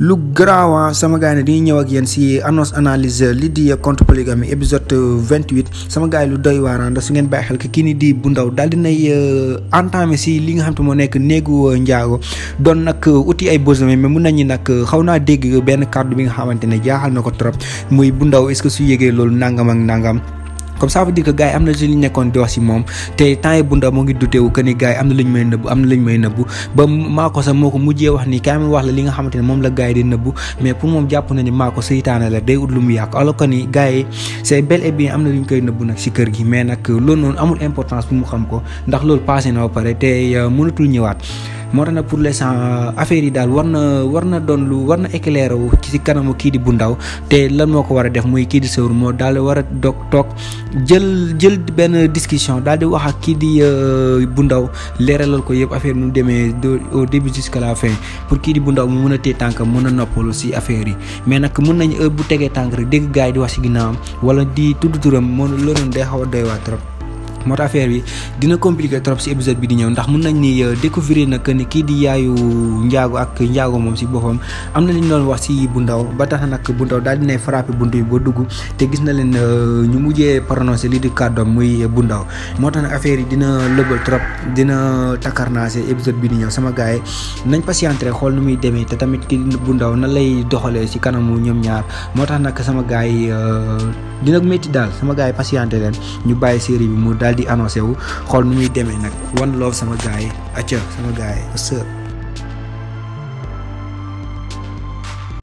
lu garaawa sama gars yi dañuy ñëw ak yéen si annonce analyse li di contre polygamie épisode vingt huit sama gaa yi lu doy waar ndax su ngeen bàyyi xel kii nii di bu ndaw daal dinay euh, entamé si li nga xam te moo nekk néegu euh, njaago doon nag euh, uti ay besoin mais mun ñi nag xaw naa dégg benn kàddu bi nga xamante ne jaaxal na ko trop muy bu ndaw est-ce que su yégee loolu nangam ak nangam. comme ça veut dire que am na si ñu nekkoon di wax si moom te temps yi bunda moo ngi dutewu que ni gars yi am na lu ñu may nëbbu wax ni kaay ma wax la li nga xamante ne moom la gars yi di nëbbu mais pour moom jàpp na ni maako seytaane la day ut lu mu yàq alors que ni gars yi c'est bel et bien am na lu ñu koy nëbbu nag si kër gi mais nag loolu noonu amul importance bu mu xam ko ndax loolu passé na ba pare te euh, mënatul ñëwaat moo tax nag pour le l'instant affaire yi daal war na war na doon lu war na éclairer wu ci kanamu kii di bu ndaw te lan moo ko war a def muy kii di sëwru moo daal war a dog toog jël jël benn discussion daal di wax ak kii di euh, bu ndaw leeralal ko yëpp affaire mu demee au début jusqu'à la fin pour kii di bu ndaw mu mën a téye tànkam mën a noppalu si affaire yi mais nag mën nañ heure bu tegee tànk rek dégg gars yi di wax si ginnaawam wala di tudd turam moom loolu day xaw doy waa trop mot affaire bi dina compliquer trop si épisode bi di ñew ndax mën nañ ni euh, découvrir na que ni ki di yaayu ndiago ak ndiago mom si bopam am na li ñu wax ci bu ndaw ba tax nak bu ndaw dal dina frapper buntu bi bo dugg te gis na leen euh, ñu mujjé prononcer li di kàddoom muy bu ndaw affaire yi dina lëbal trop dina takarnaase épisode bi di ñew sama gay, nañ patienté xol nu muy démé te tamit ki bu ndaw na lay doxale si kanamu ñom ñaar moo tax sama gay. dina métti daal sama gars yi patienté leen ñu bàyyi série bi mu daal di annoncé wu xool nu muy demee nag one love sama gars yi acca sama gars yi